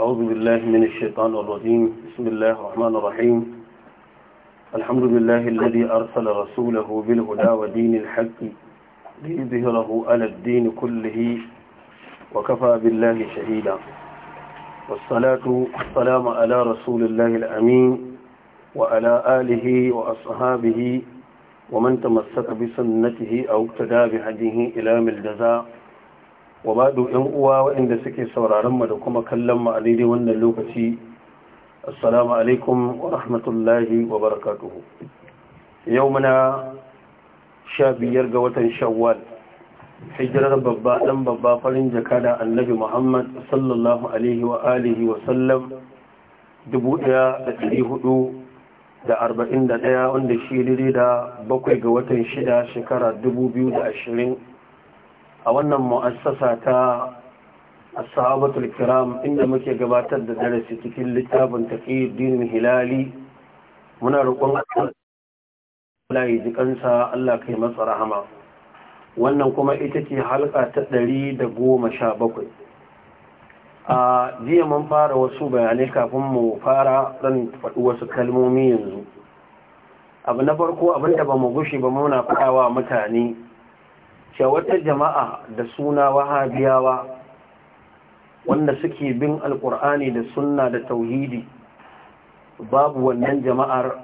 أعوذ بالله من الشيطان الرجيم بسم الله الرحمن الرحيم الحمد لله الذي أرسل رسوله بالهدى ودين الحق ليظهره على الدين كله وكفى بالله شهيدا والصلاة والسلام على رسول الله الأمين وعلى آله وأصحابه ومن تمسك بسنته أو اقتدى بهديه إلى الجزاء wa ba da yan uwa waɗanda suke sauraron mu da kuma kallon mu a daidai wannan lokaci assalamu alaikum wa rahmatullahi wa barakatuhu yau muna sha biyar ga watan shawwal hijirar babba ɗan babba farin jaka da annabi muhammad sallallahu alaihi wa alihi wa sallam ɗaya wanda shi da bakwai ga watan shida shekara dubu biyu da ashirin. a wannan mu'assasa ta ashabatul kiram inda muke gabatar da darasi cikin littafin taqiyuddin hilali muna roƙon Allah ya ji kansa Allah kai masa rahama wannan kuma ita ce halka ta 117 a jiya mun fara wasu bayanai kafin mu fara zan faɗi wasu kalmomi yanzu abu na farko abinda ba mu gushe ba muna faɗawa mutane cewa wata jama'a da suna wahabiyawa wanda suke bin alkur'ani da sunna da tauhidi babu wannan jama'ar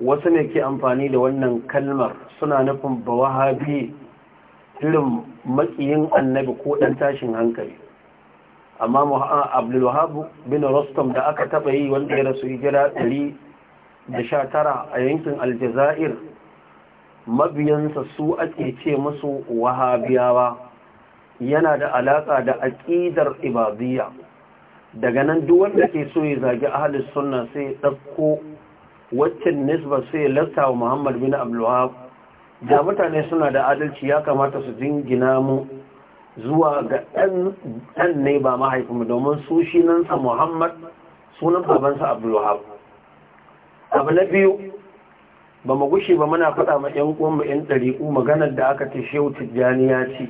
wasu ne ke amfani da wannan kalmar suna nufin ba wahabi irin makiyin annabi ko ɗan tashin hankali amma abdulwahab bin rostom da aka taɓa yi wanda ya rasu hijira 119 a yankin aljazair mabiyansa su ake ce musu wahabiyawa yana da alaƙa da aƙidar ibadiyya daga nan duk wanda ke so ya zagi ahlus sunna sai dakko waccan nisba sai ya latta wa muhammad bin abdulwahab da mutane suna da adalci ya kamata su jingina mu zuwa ga dan ne ba mahaifinmu domin su shi nan sa muhammad sunan babansa abdulwahab abu na biyu ba mu gushe ba muna faɗa ma ƴan uwan mu ƴan ɗariƙu maganar da aka ce shehu tijjani ya ce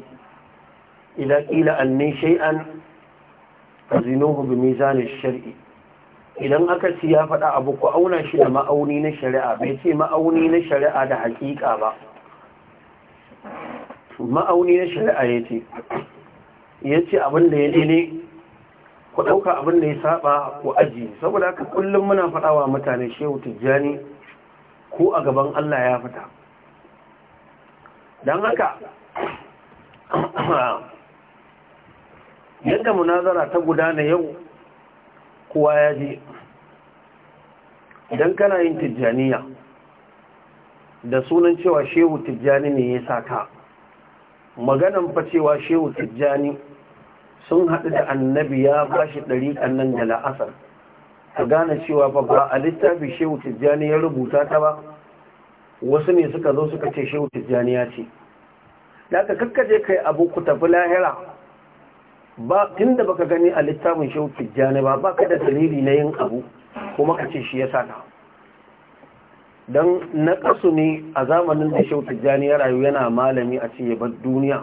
idan ƙila annin shay'an azinuhu bi mizanin shar'i idan aka ce ya faɗa abu ku auna shi da ma'auni na shari'a bai ce ma'auni na shari'a da haƙiƙa ba ma'auni na shari'a ya ce ya ce abin da ya ne ku ɗauka abin da ya saba ku aji saboda haka kullum muna faɗawa mutane shehu tijjani ko a gaban Allah ya fita don haka yadda munazara ta gudana yau kowa ya je don kana yin tijjaniya da sunan cewa shehu tijjani ne ya ka, maganan fa shehu tijjani sun haɗu da annabi ya bashi ɗari nan da la'asar ka gane cewa ba ba a littafi shehu tijjani ya rubuta ta ba wasu ne suka zo suka ce shehu tijjani ya ce da aka kakkaje kai abu ku tafi lahira ba da baka gani a littafin shehu tijjani ba baka da dalili na yin abu kuma ka ce shi ya saka don na kasu ne a zamanin da shehu tijjani ya rayu yana malami a ce bar duniya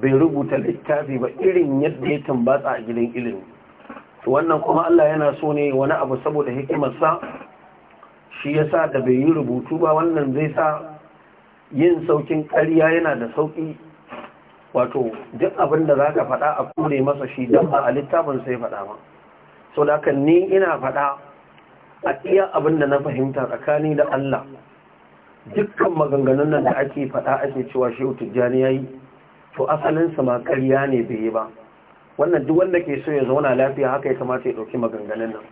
bai rubuta littafi ba irin yadda ya tambata a gidan ilimi wannan kuma Allah yana so ne wani abu saboda hikimarsa shi ya sa da bai yi rubutu ba wannan zai sa yin saukin ƙarya yana da sauƙi wato duk abin da za ka faɗa a kure masa shi don ba a littafin sai faɗa ba so da haka ni ina faɗa a iya abin da na fahimta tsakani da Allah dukkan maganganun nan da ake faɗa ake cewa shehu tijjani ya yi to asalinsa ma ƙarya ne bai yi ba wannan duk wanda ke so ya zauna lafiya haka ya kamata ya dauki maganganun nan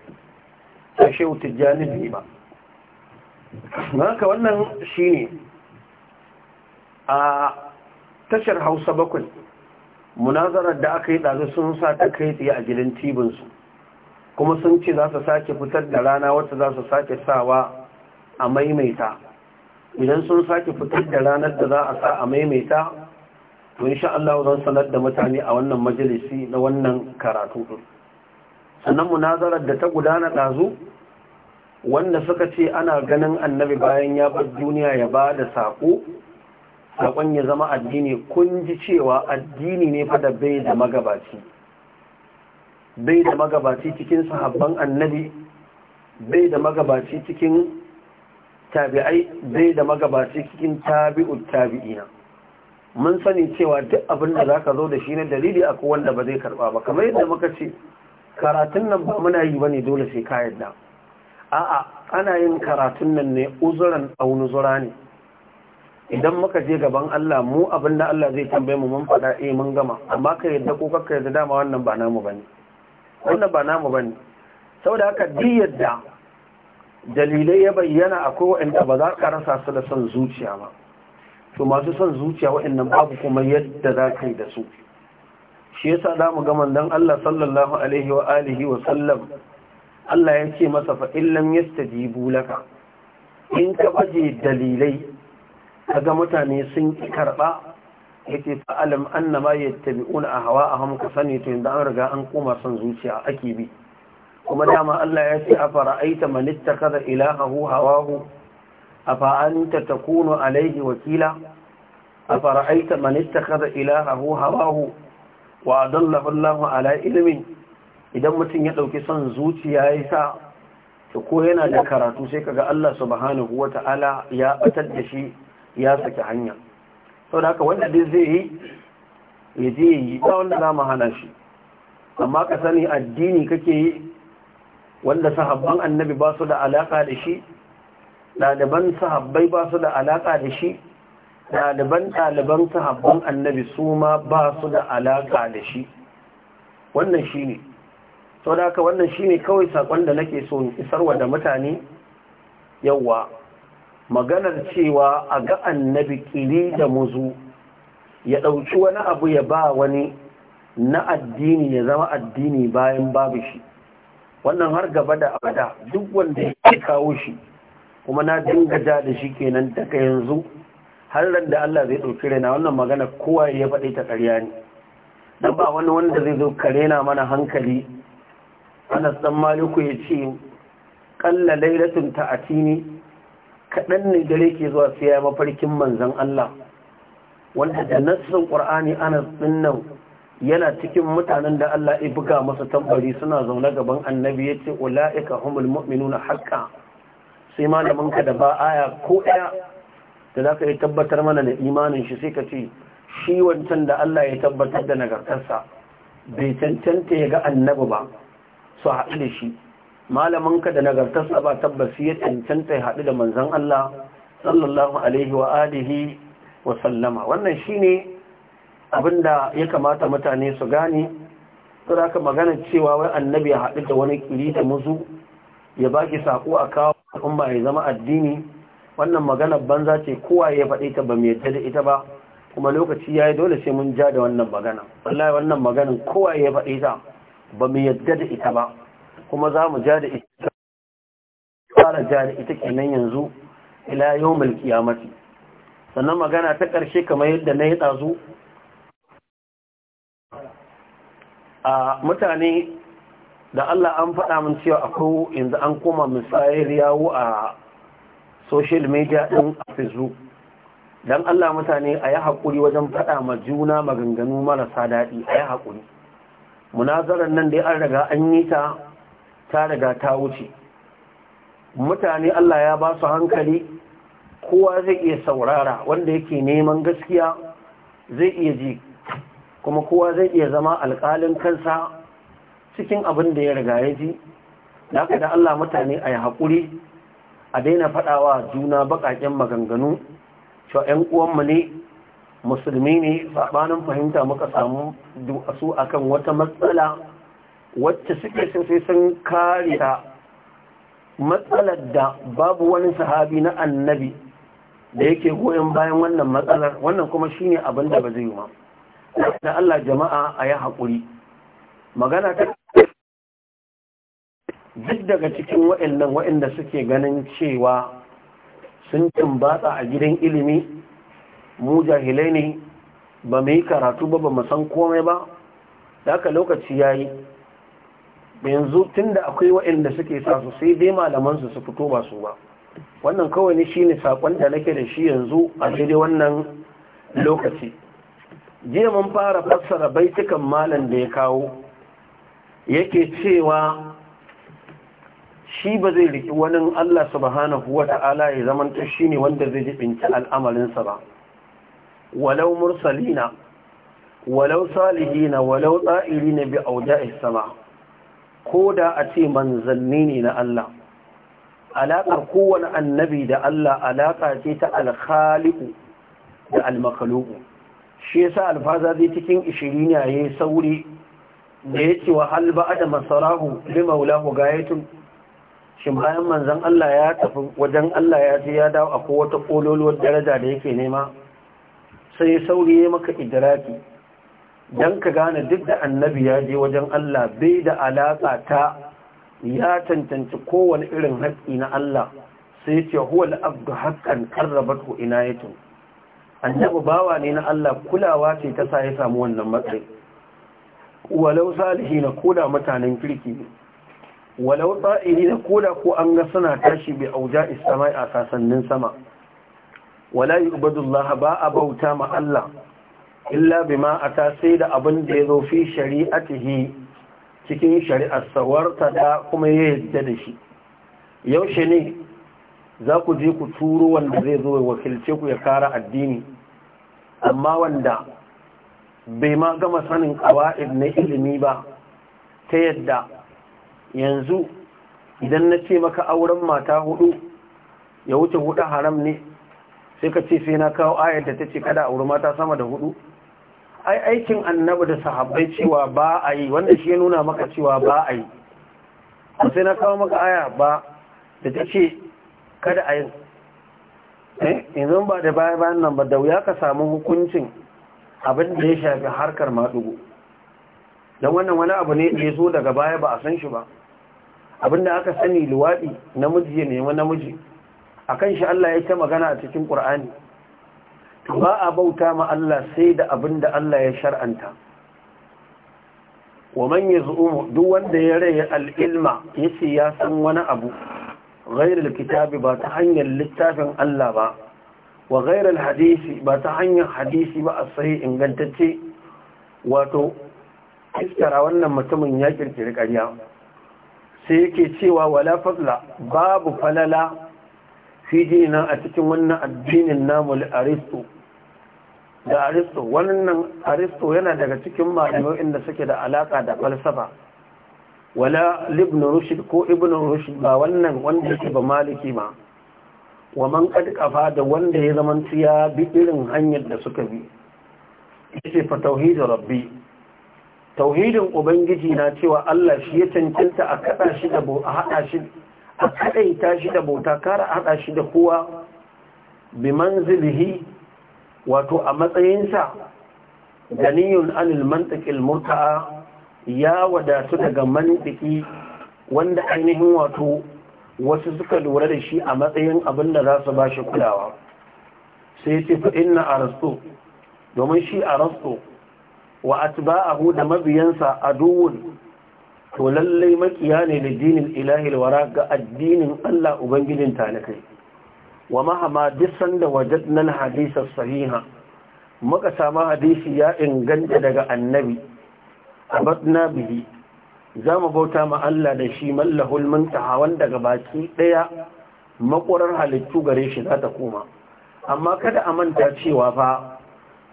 a shehu tijjani bai ba haka wannan shi ne a tashar hausa bakwai munazarar da aka yi ɗazu sun sa ta kai tsaye a gidan tibinsu kuma sun ce za su sake fitar da rana wata za su sake sawa a maimaita idan sun sake fitar da ranar da za a sa a maimaita to insha Allah zan sanar da mutane a wannan majalisi na wannan karatu din sannan munazarar da ta gudana dazu wanda suka ce ana ganin annabi bayan ya bar duniya ya ba da saƙo sakon ya zama addini kun ji cewa addini ne fa da bai da magabaci bai da magabaci cikin sahabban annabi bai da magabaci cikin tabi'ai bai da magabaci cikin tabi'ut tabi'ina mun sani cewa duk abin da za ka zo da shi na dalili akwai wanda ba zai karba ba kamar yadda muka ce karatun nan ba muna yi ba ne dole sai ka yadda a'a ana yin karatun nan ne uzuran aunuzura ne idan muka je gaban Allah mu abin da Allah zai tambaye mu mun faɗa eh mun gama amma ka yadda ko kakka yadda dama wannan ba namu bane wannan ba namu bane saboda haka duk yadda dalilai ya bayyana akwai waɗanda ba za ka rasa su da son zuciya ba to masu son zuciya waɗannan babu kuma yadda za ka yi da su shi yasa da mu gama dan Allah sallallahu alaihi wa alihi wa sallam Allah ya ce masa fa in lam laka in ka baje dalilai kaga mutane sun ki karba yace fa alam a yattabi'una ahwa'ahum ka sani to inda an riga an koma son zuciya ake bi kuma dama Allah ya ce fara aita man ittakhadha ilahahu hawahu أفأنت wakila عليه وكيلا أفرأيت من ilahahu hawahu wa don الله ala علم idan mutum ya ɗauki son zuciya ya sa to ko yana da karatu sai kaga Allah subhanahu wata'ala ya batar da shi ya saki hanya sau da haka wanda dai zai yi ya je yi ba wanda za mu hana shi amma ka sani addini kake yi wanda sahabban annabi ba su da alaka da shi ɗaliban sahabbai ba su da alaƙa da shi ɗaliban ɗaliban sahabban annabi su ma ba su da alaƙa da shi wannan shi ne sau da haka wannan shi ne kawai saƙon da nake so isarwa da mutane yawa maganar cewa a ga annabi ƙiri da muzu ya ɗauki wani abu ya ba wani na addini ya zama addini bayan babu shi wannan har gaba da abada duk wanda ya kawo shi kuma na dinga ja da shi kenan daga yanzu har ran da Allah zai ɗauki na wannan magana kowa ya faɗi ta ƙarya ne dan ba wani wanda zai zo kare na mana hankali Anas dan Maliku ya ce kalla lailatun ta'atini kaɗan ne dare ke zuwa sai ya mafarkin manzon Allah wanda da nassin Qur'ani Anas din yana cikin mutanen da Allah ya buga masa tambari suna zaune gaban annabi yace ulaika humul mu'minuna haqqan sai malamin ka da ba aya ko ɗaya da za ka yi tabbatar mana da imanin shi sai ka ce shi wancan da Allah ya tabbatar da nagartarsa bai cancanta ya ga annabi ba su haɗu da shi malamin ka da nagartarsa ba tabbasi ya cancanta ya haɗu da manzan Allah sallallahu alaihi wa alihi wa sallama wannan shi ne abin da ya kamata mutane su gane da aka magana cewa wai annabi ya haɗu da wani kiri da muzu ya baki sako a kawo al'umma ya zama addini wannan magana banza ce kowa ya faɗi ta ba mai yadda da ita ba kuma lokaci ya yi dole sai mun ja da wannan magana wallahi wannan maganin kowa ya faɗi ta ba mu yadda da ita ba kuma za mu ja da ita fara ja da ita kenan yanzu ila yau mulki ya mati sannan magana ta ƙarshe kamar yadda na yi ɗazu a mutane da Allah an faɗa min cewa akwai yanzu an koma misayar yawo a social media ɗin a facebook don Allah mutane a yi haƙuri wajen faɗa ma juna maganganu marasa daɗi a yi haƙuri munazarar nan dai an riga an yi ta ta riga ta wuce mutane Allah ya ba su hankali kowa zai iya saurara wanda yake neman gaskiya zai iya ji kuma kowa zai iya zama alƙalin kansa cikin abin da ya riga ya ji da aka da Allah mutane a yi haƙuri a daina faɗawa juna baƙaƙen maganganu cewa ‘yan uwanmu ne musulmi ne saɓanin fahimta muka samu a akan wata matsala wacce suke sosai sun kare ta matsalar da babu wani sahabi na annabi da yake goyon bayan wannan matsalar wannan kuma shine abin da ba zai yi ma da Allah jama'a a yi haƙuri magana ta duk daga cikin waɗannan waɗanda suke ganin cewa sun tumbatsa a gidan ilimi mu jahilai ne ba mu yi karatu ba ba mu san komai ba da haka lokaci ya yi yanzu tun da akwai waɗanda suke sa su sai dai malamansu su fito ba su ba wannan kawai ne shi ne saƙon da nake da shi yanzu a daidai wannan lokaci jiya mun fara fassara baitukan malam da ya kawo yake cewa shi ba zai riki wani Allah subhanahu wa ta'ala ya ta shi ne wanda zai jibinta al'amarinsa ba walau mursalina walau salihina walau na bi auda'i sama ko da a ce manzanni ne na Allah alaƙar kowane annabi da Allah alaƙa ce ta alhaliku da almakaluku shi yasa alfaza zai cikin ishirin yi sauri da ya ce wa halba da masarahu bi ga gayatun shin bayan manzan Allah ya tafi wajen Allah ya ji ya dawo a kowata ƙololuwar daraja da yake nema sai sauri ya maka idraki Don ka gane duk da annabi ya je wajen Allah bai da alaƙa ta ya cancanci kowane irin haƙƙi na Allah sai ce huwa al-abdu haqqan qarrabathu inayatu annabi bawa ne na Allah kulawa ce ta sa ya samu wannan matsayi walau na koda mutanen kirki walau tsa'iri na koda ko an ga suna tashi bai auja isama'i a kasannin sama wala yu'badullah ba a bauta ma Allah illa bi ma’ata sai da abin da ya zo fi shari'atihi cikin shari'ar sawarta da kuma ya yadda da shi yaushe ne za ku je ku turo wanda zai zo wakilce ku ya kara addini amma wanda bai ma gama sanin ƙawa'id na ilimi ba ta yadda yanzu idan na ce maka auren mata hudu ya wuce hudu haram ne sai ka ce sai na kawo ayar da ta ce kada auri mata sama da hudu ai aikin annabi da sahabbai cewa ba a yi wanda shi ya nuna maka cewa ba a yi sai na kawo maka aya ba da ta ce kada a yi eh, yanzu ba da bayan nan ba da wuya ka samu hukuncin abin da ya shafi harkar maɗugo don wannan wani abu ne ya zo daga baya ba a san shi ba abinda aka sani luwaɗi namiji ya nemi namiji a kan shi Allah ya ta magana a cikin ƙur'ani ba a bauta ma Allah sai da abinda Allah ya shar'anta wa man yaz'umu duk wanda ya rayi al-ilma yace ya san wani abu ghayr al-kitabi ba ta hanyar littafin Allah ba wa ghayr al-hadisi ba ta hanyar hadisi ba a sahih ingantacce wato iskara wannan mutumin ya kirkiri ƙarya sai yake cewa wala fadla babu falala fi dina a cikin wannan addinin namu aristo da aristo wannan aristo yana daga cikin malamai inda suke da alaka da falsafa wala ibn rushd ko ibn rushd ba wannan wanda yake ba maliki ma wa man qad qafa da wanda ya zaman tiya bi irin hanyar da suka bi yace fa tauhid rabbi tauhidin ubangiji na cewa Allah shi ya cancanta a kada shi da a hada shi a shi da bauta kara haɗa shi da kowa bi manzilihi wato a matsayinsa ganiyun anil mantiqil murta'a ya wadatu daga mantiki wanda ainihin wato wasu suka lura da shi a matsayin abin da za su ba shi kulawa sai ce fa'in na arasto domin shi arasto wa atba'ahu da mabiyansa aduwun to lallai makiya ne da dinin ilahi wara ga addinin Allah ubangijin talakai wa mahama duk sanda nan hadisa sahiha muka samu hadisi ya inganta daga annabi abatna bihi za mu bauta ma Allah da shi mallahul muntaha wanda ga baki ɗaya. makurar halittu gare shi za ta koma amma kada a manta cewa fa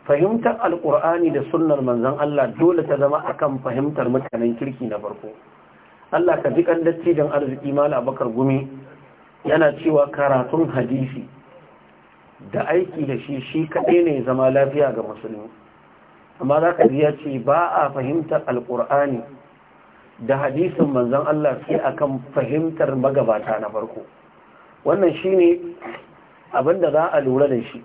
fahimtar Alƙur'ani da sunnar Manzan Allah dole ta zama akan fahimtar mutanen kirki na farko Allah ka ji kan dattijan arziki mala bakar gumi yana cewa karatun hadisi da aiki da shi shi kaɗai ne zama lafiya ga musulmi amma za ka ya ce ba a fahimtar Alƙur'ani da hadisin Manzan Allah sai akan fahimtar magabata na farko wannan shi shine abinda za a lura da shi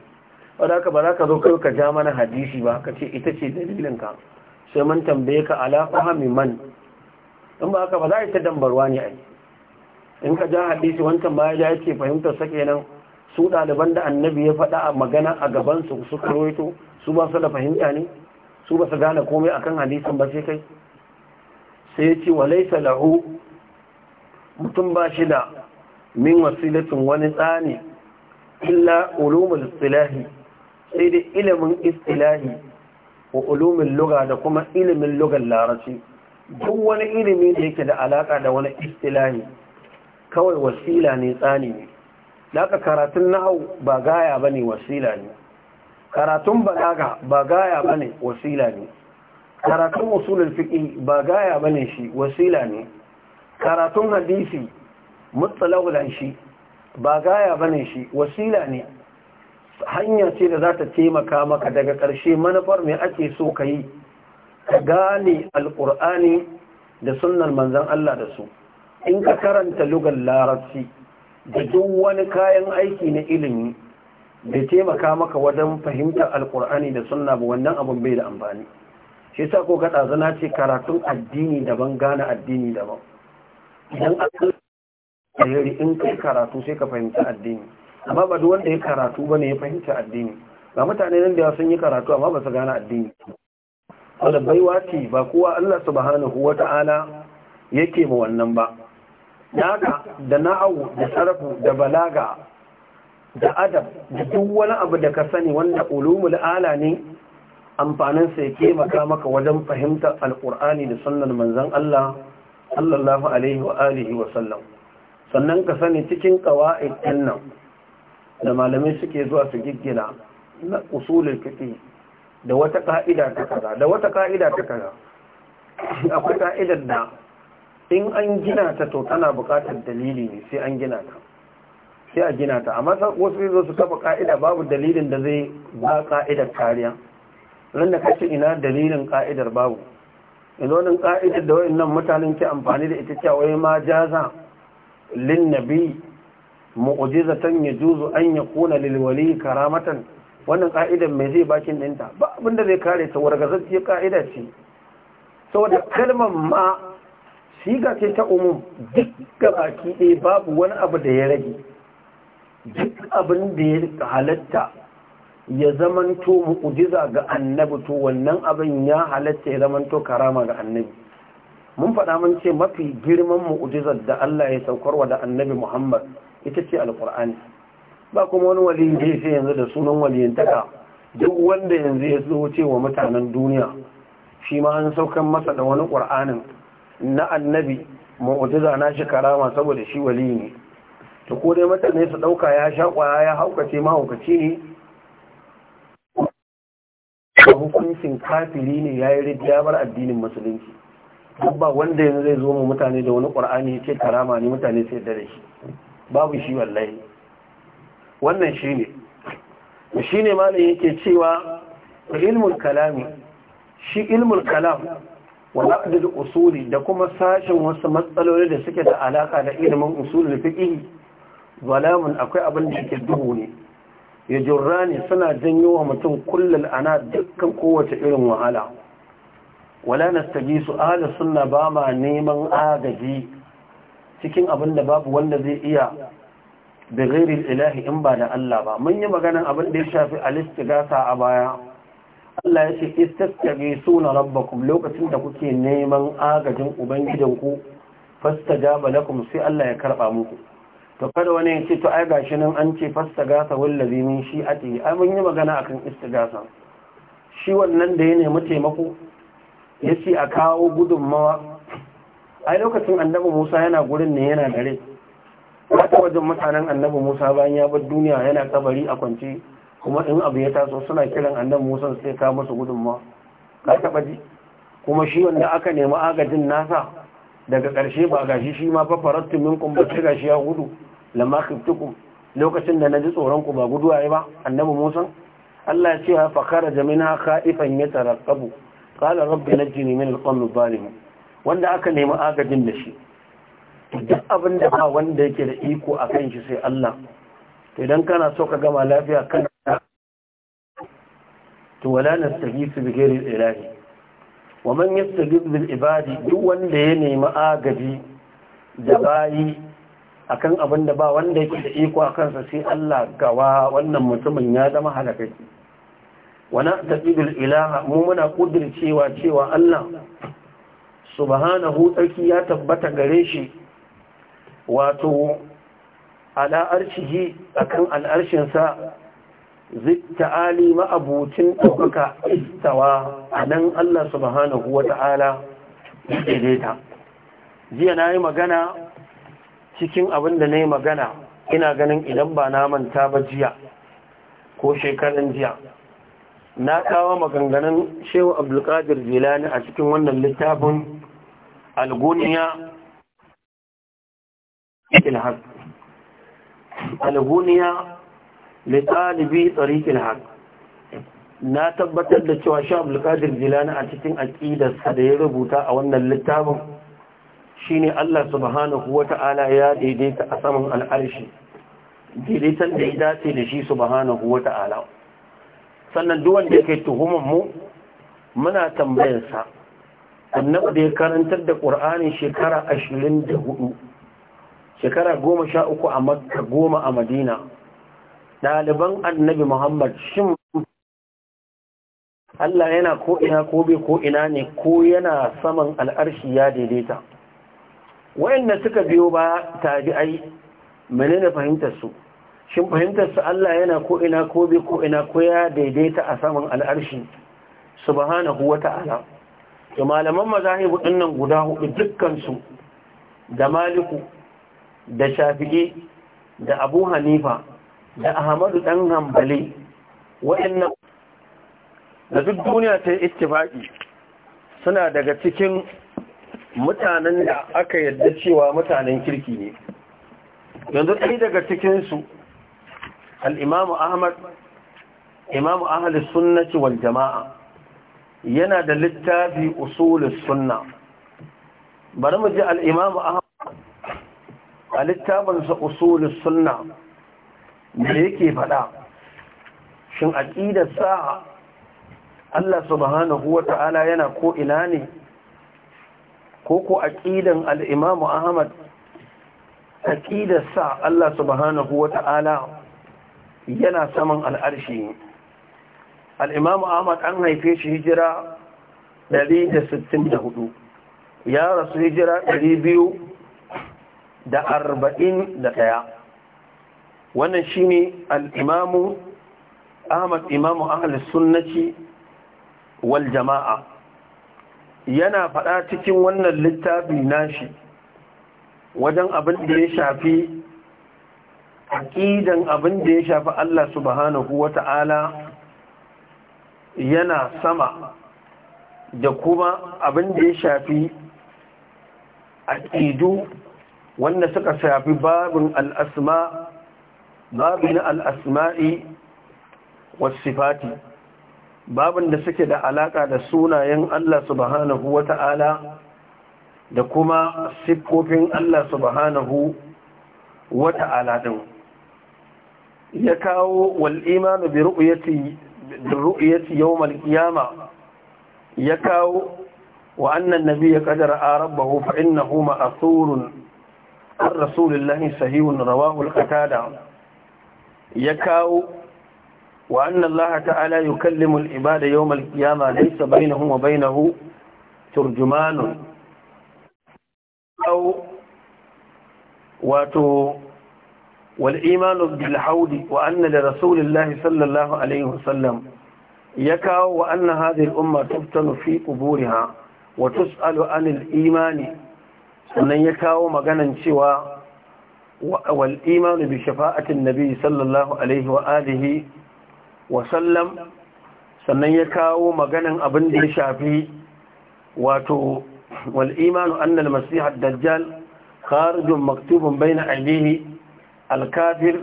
wadda ba za ka zo kai ka ja mana hadisi ba ka ce ita ce dalilinka sai mun tambaye ka ala fahami man in ba haka ba za a yi ta dambarwa ne a yi in ka ja hadisi wancan baya ya yake fahimtar sake nan su ɗaliban da annabi ya faɗa a magana a gaban su su karoito su ba su da fahimta ne su ba su gane komai akan hadisin ba sai kai sai ya ce walaisa lahu mutum ba shi da min wasilatin wani tsani illa ulumul silahi sai dai ilimin istilahi wa ulumin luga da kuma ilimin lugar larashi duk wani ilimi da yake da alaka da wani istilahi kawai wasila ne tsani ne daga karatun nahau ba gaya ne wasila ne karatun balaga ba gaya ne wasila ne karatun usulul fiqh ba gaya ne shi wasila ne karatun hadisi mutsalahu shi ba gaya ne shi wasila ne hanya ce da za ta taimaka maka daga ƙarshe manufar mai ake so ka yi ka gane alƙur'ani da sunan manzan Allah da su in ka karanta lugar larabci da duk wani kayan aiki na ilimi bai taimaka maka wajen fahimtar alƙur'ani da sunna ba wannan abin bai da amfani shi sa ko ga ɗazana ce karatun addini daban gane addini daban idan an in kai karatu sai ka fahimci addini amma ba duk wanda ya karatu bane ya fahimci addini ba mutane nan da ya sun yi karatu amma ba su gane addini wanda baiwa ce ba kowa Allah subhanahu wata'ala yake ba wannan ba naka da na'au da sarfu da balaga da adab da duk wani abu da ka sani wanda ulumul ala ne amfanin sa yake maka maka wajen fahimtar alqur'ani da sunnar manzon Allah sallallahu alaihi wa alihi wa sallam sannan ka sani cikin qawaid nan da malamai suke zuwa su giggina na usulin fiqh da wata ka'ida ta kaza da wata ka'ida ta kaza akwai ka'idar da in an gina ta to tana buƙatar dalili ne sai an gina ta sai a gina ta amma wasu zo su kafa ka'ida babu dalilin da zai ba ka'idar kariya ran da kace ina dalilin ka'idar babu yanzu wani ka'idar da wayannan mutanen ke amfani da ita cewa wai ma jaza lin nabi tan yajuzu an yakuna lil wali karamatan wannan ka'idan mai zai bakin dinta ba abinda zai kare ta wargazacciyar ka'ida ce saboda kalmar ma siga ce ta umum duk ga baki ɗaya babu wani abu da ya rage duk abin da ya halatta ya zamanto mu'ujiza ga annabi to wannan abin ya halatta ya zamanto karama ga annabi mun faɗa mun ce mafi girman mu'ujizar da Allah ya saukarwa da annabi Muhammad ita ce alkur'ani ba kuma wani waliyin da ya yanzu da sunan waliyin taka duk wanda yanzu ya zo ce wa mutanen duniya shi ma an saukan masa da wani ƙur'anin na annabi mu'ujiza na shi karama saboda shi waliyi ne ta ko mutane su ɗauka ya sha ƙwaya ya haukace mahaukaci ne a hukuncin kafiri ne ya yi rijiya bar addinin musulunci duk ba wanda yanzu zai zo mu mutane da wani ƙur'ani ya ce karama ne mutane sai da shi babu shi wallahi wannan shi ne shi ne malin yake cewa ilmul kalami shi ilmul kalam wa da usuli da kuma sashen wasu matsaloli da suke da alaka da ilimin usulun fiqh zalamun akwai abin da yake duhu ne ya ne suna janyo wa mutum kullum ana dukkan kowace irin wahala wala su ahli sunna ba ma neman agaji cikin abin da babu wanda zai iya da gairin ilahi in ba da Allah ba mun yi maganin abin da ya shafi gasa a baya Allah ya ce istastaghi suna rabbakum lokacin da kuke neman agajin fasta gaba na kuma sai Allah ya karba muku to kada wani ya ce to ai gashi nan an ce fasta gasa wallazi min shi'ati ai mun yi magana akan istigasa shi wannan da ya nemi taimako ya ce a kawo gudunmawa A lokacin annabi musa yana gurin ne yana dare wata wajen mutanen annabi musa bayan ya bar duniya yana kabari a kwance kuma in abu ya taso suna kiran annabi musa sai ka musu gudunma ka taba ji kuma shi wanda aka nemi agajin nasa daga ƙarshe ba gashi shi ma fafarattu minkum ba ta gashi ya gudu lamma khiftukum lokacin da na ji tsoron ku ba guduwa ya ba annabi musa Allah ya ce fa kharaja minha khaifan yatarqabu qala rabbi najini min alqawmi adh-dhalimin wanda aka nemi agajin da shi duk abin da ba wanda yake da iko a kan shi sai Allah To idan kana so ka gama lafiya kan to wala nastaghithu bi ghairi ilahi wa man yastaghith bil ibadi duk wanda ya nemi agaji da bayi akan abin da ba wanda yake da iko a kansa sai Allah gawa wannan mutumin ya zama halakaki wa na bil ilaha mu muna kudircewa cewa Allah subhanahu tsarki ya tabbata gare shi wato ala arshihi akan al'arshinsa zitta'ali ma'abucin ɗaukaka istawa a nan Allah subhanahu wa ta'ala ya ta. jiya na yi magana cikin abin da na yi magana ina ganin idan ba na manta ba jiya ko shekaran jiya na kawo maganganun shehu abdulkadir jilani a cikin wannan littafin alguniya ilhaq alguniya litalibi tariq ilhaq na tabbatar da cewa sha abdulkadir jilani a cikin aqidarsa da ya rubuta a wannan littafin shine Allah subhanahu wata'ala ya daidaita a saman al'arshi daidaitan da ya dace da shi subhanahu wata'ala sannan duk wanda yake tuhumar mu muna tambayar sa annabi da ya karantar da ƙur'ani shekara ashirin da hudu shekara goma sha uku a makka goma a madina ɗaliban annabi muhammad shin Allah yana ko'ina ko bai ko'ina ne ko yana saman al'arshi ya daidaita wayanda suka biyo ba tabi'ai menene fahimtar su shin fahimtar su Allah yana ko'ina ko bai ko'ina ko ya daidaita a saman al'arshi subhanahu wata'ala to malaman mazahibu dinnan guda hudu dukkansu da maliku da shafi'i da abu hanifa da ahmadu dan hanbali waɗannan da duk duniya ta yi ittifaki suna daga cikin mutanen da aka yarda cewa mutanen kirki ne yanzu dai daga cikinsu al'imamu ahmad imamu ahalis sunnati wal jama'a yana da littafi usulus sunna bari mu ji al'imamu ahmad a littafinsa usulus sunna da yake faɗa shin aƙidar sa Allah subhanahu wa ta'ala yana ko ina ne ko ko aƙidan al'imamu ahmad aƙidar sa Allah subhanahu wa ta'ala yana saman al'arshi ne al'imamu ahmad an haife shi hijira 164 ya rasu hijira 241 wannan shi ne al'imamu ahmad imamu ahalis sunnaci wal jama'a yana faɗa cikin wannan littafi nashi wajen abin da ya shafi aƙidan abin da ya shafi Allah subhanahu wa ta'ala yana sama da kuma abin da ya shafi aqidu wanda suka shafi babin al'asma babin al'asma'i wasifati babin da suke da alaƙa da sunayen Allah subhanahu wa ta'ala da kuma siffofin Allah subhanahu wa ta'ala din ya kawo wal'imanu bi ru'yati بالرؤية يوم القيامة يكاو وأن النبي قد رأى ربه فإنه مأثور عن رسول الله صحيح رواه القتادة يكاو وأن الله تعالى يكلم العباد يوم القيامة ليس بينهم وبينه ترجمان أو واتو والإيمان بالحوض وأن لرسول الله صلى الله عليه وسلم يكا وأن هذه الأمة تفتن في قبورها وتسأل عن الإيمان sannan ya kawo maganan cewa wal imanu bi shafa'atin nabi sallallahu alaihi wa sallam sannan ya kawo maganan abin da ya shafi wato wal imanu annal masiha ad dajjal kharijun maktubun bayna aydihi alkafir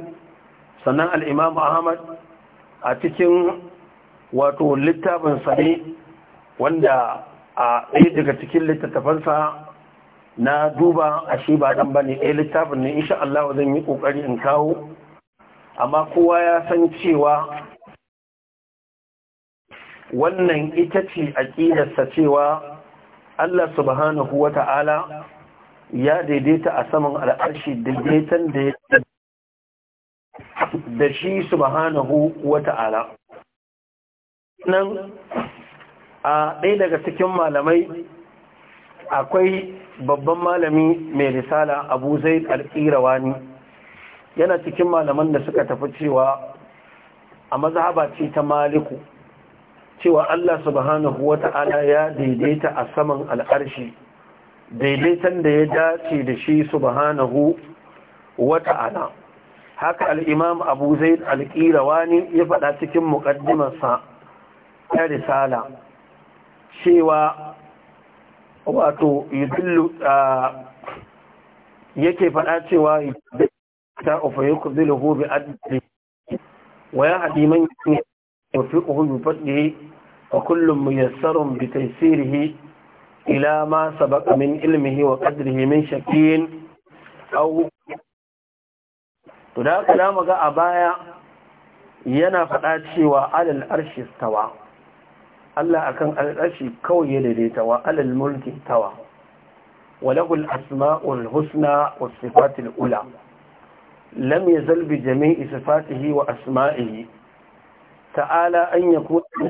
sannan al'imamu ahmad a cikin wato littafin sani wanda a ɗaya daga cikin littattafansa na duba a shi ba ɗan ba ne ɗaya littafin ne insha Allah zan yi ƙoƙari in kawo amma kowa ya san cewa wannan ita ce aƙidarsa cewa Allah subhanahu wa ta'ala ya daidaita a saman al'arshi daidaitan da ya da shi subhanahu wata'ala nan a ɗaya daga cikin malamai akwai babban malami mai risala abu zai ƙarƙirawani yana cikin malaman da suka tafi cewa a mazaba ce ta maliku cewa Allah subhanahu wa ta'ala ya daidaita a saman al'arshi daidaitan da ya dace da shi subhanahu wa ta'ala haka al'imam abu zai wani ya faɗa cikin muƙaddimarsa ta risala cewa wato yake faɗa cewa ta ofayinku zai lahu bi adadi wa ya haɗi man yi fi ƙuhu faɗi a kullum mu yassarun bi taisirihi ila ma sabaka min ilmihi wa ƙadrihi min shakiyin au to da haka da ga a baya yana faɗa cewa alal arshi tawa Allah akan al'arshi kawai ya daidaita wa alal mulki tawa walahul asma'ul husna wa sifatil ula lam yazal bi jami'i sifatihi wa asma'ihi ta'ala an yakuna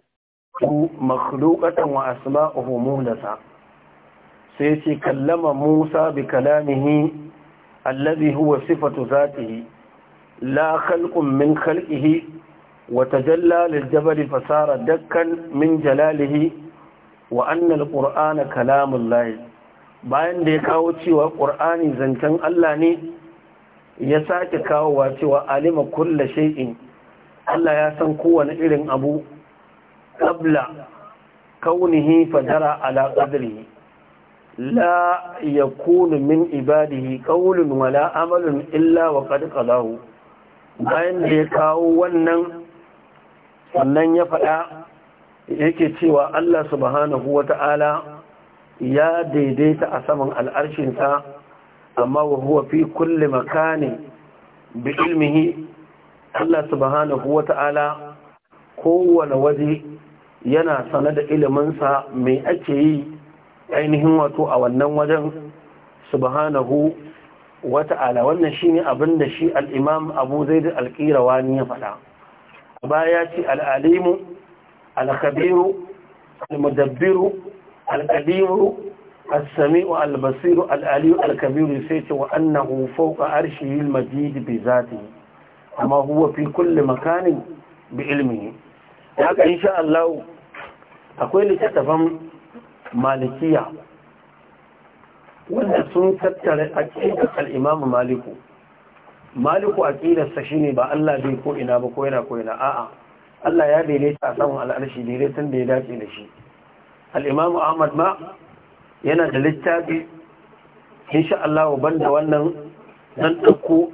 makhluqatan wa asma'uhu munasa sai ce kallama Musa bi kalamihi allazi huwa sifatu zatihi la khalqun min khalqihi wa tajalla lil jabal fasara dakkan min jalalihi wa anna al qur'ana kalamullah bayan da ya kawo cewa qur'ani zancen Allah ne ya sake kawowa cewa alima kullu shay'in Allah ya san kowane irin abu qabla كونه فجرى على قدره لا يكون من عباده قول ولا عمل إلا وقد bayan da ya kawo wannan sannan ya faɗa yake cewa Allah subhanahu wa ya daidaita a saman al'arshinsa amma wa huwa fi kulle makani bi ilmihi Allah subhanahu wa kowane waje yana sane da iliminsa mai ake yi ainihin wato a wannan wajen subhanahu wata'ala wannan shine abin da shi al-imam Abu Zaid al wani ya faɗa baya ce al-alimu al-khabiru al-mudabbiru al-qadiru as-sami'u al-basiru al-aliyu al-kabiru sai ce wa annahu fawqa arshihi al-majid bi zatihi amma huwa fi kulli makanin bi ilmihi haka insha Allah akwai littattafan malikiya wanda sun tattara aqidar al al'imamu Maliku Maliku a shi shine ba Allah bai ko ina ba ko yana ko yana. a'a Allah ya daidaita a saman al'arshi tun da ya dace da shi Al'imamu Ahmad ma yana da littafi sha Allah banda wannan nan ɗauko.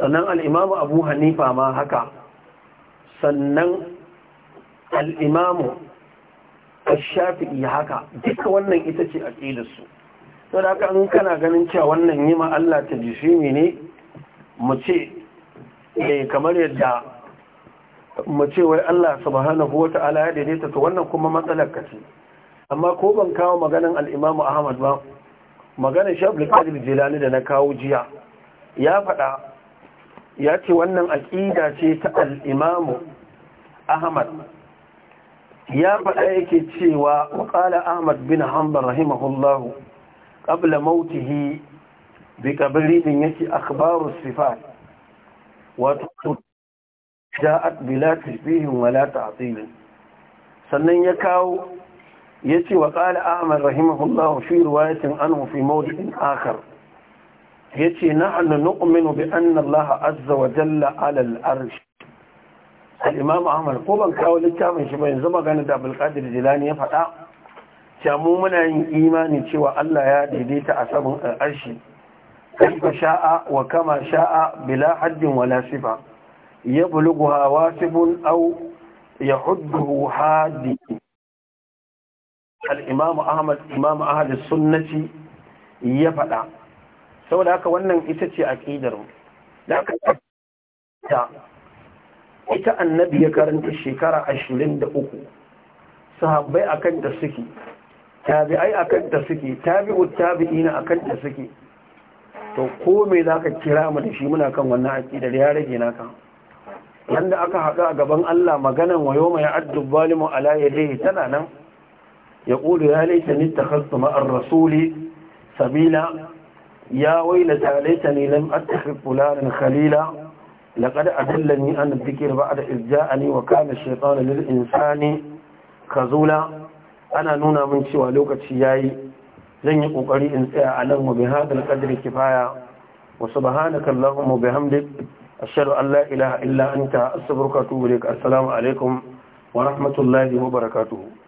sannan al'imamu Abu Hanifa ma haka sannan al'imamu a shafi haka duka wannan ita ce a aqidarsu to da haka in kana ganin cewa wannan yi ma Allah ta shi ne mu ce eh kamar yadda mu ce wai Allah subhanahu ta'ala ya daidaita to wannan kuma matsalar ka ce amma ko ban kawo maganan al'imamu Ahmad ba maganar Shaykh kadir Jilani da na kawo jiya ya faɗa ya ce wannan aƙida ce ta al'imamu Ahmad ya faɗa yake cewa wa Ahmad bin hanbar rahimahullahu ƙabla mautihi bi qabrin yace Akbaru sifat wato ja'at bila tashbihin wala ta'til sannan ya kawo yace wa qala ahmad rahimahullah fi riwayatin anhu fi mawdi'in akhar yace nahnu nu'minu bi anna allah azza wa jalla 'ala al-arsh al-imam ahmad ko ban kawo littafin shi ba yanzu magana da abdul qadir jilani ya faɗa mu muna yin imani cewa Allah ya daidaita a saman arshi kaifa sha'a wa kama sha'a bila haddin wala sifa ya hawa wasibun au ya hudu al-imam Ahmad imam ahadis sunnati ya faɗa saboda haka wannan ita ce aqidar mu da aka ita annabi ya karanta shekara 23 sahabbai akan da suke tabi'ai akan da suke tabi'ut tabi'ina akan da suke to ko me zaka kira mu da shi muna kan wannan aqidar ya rage naka yanda aka haɗu a gaban Allah maganan wa mai ya'addu ala yadihi tana nan ya qulu ya laitani takhassu ma'ar rasuli sabila ya ta laitani lam attakhid fulanan khalila laqad adallani an dhikr ba'da da ja'ani wa kana ash-shaytanu lil insani kazula ana nuna min cewa lokaci yayi zan yi ƙoƙari in tsaya a nan wa bi hadal qadri kifaya wa kallon allahumma bihamdik ashhadu an la ilaha illa anta asibirka wa ka assalamu alaikum wa rahmatullahi wa barakatuh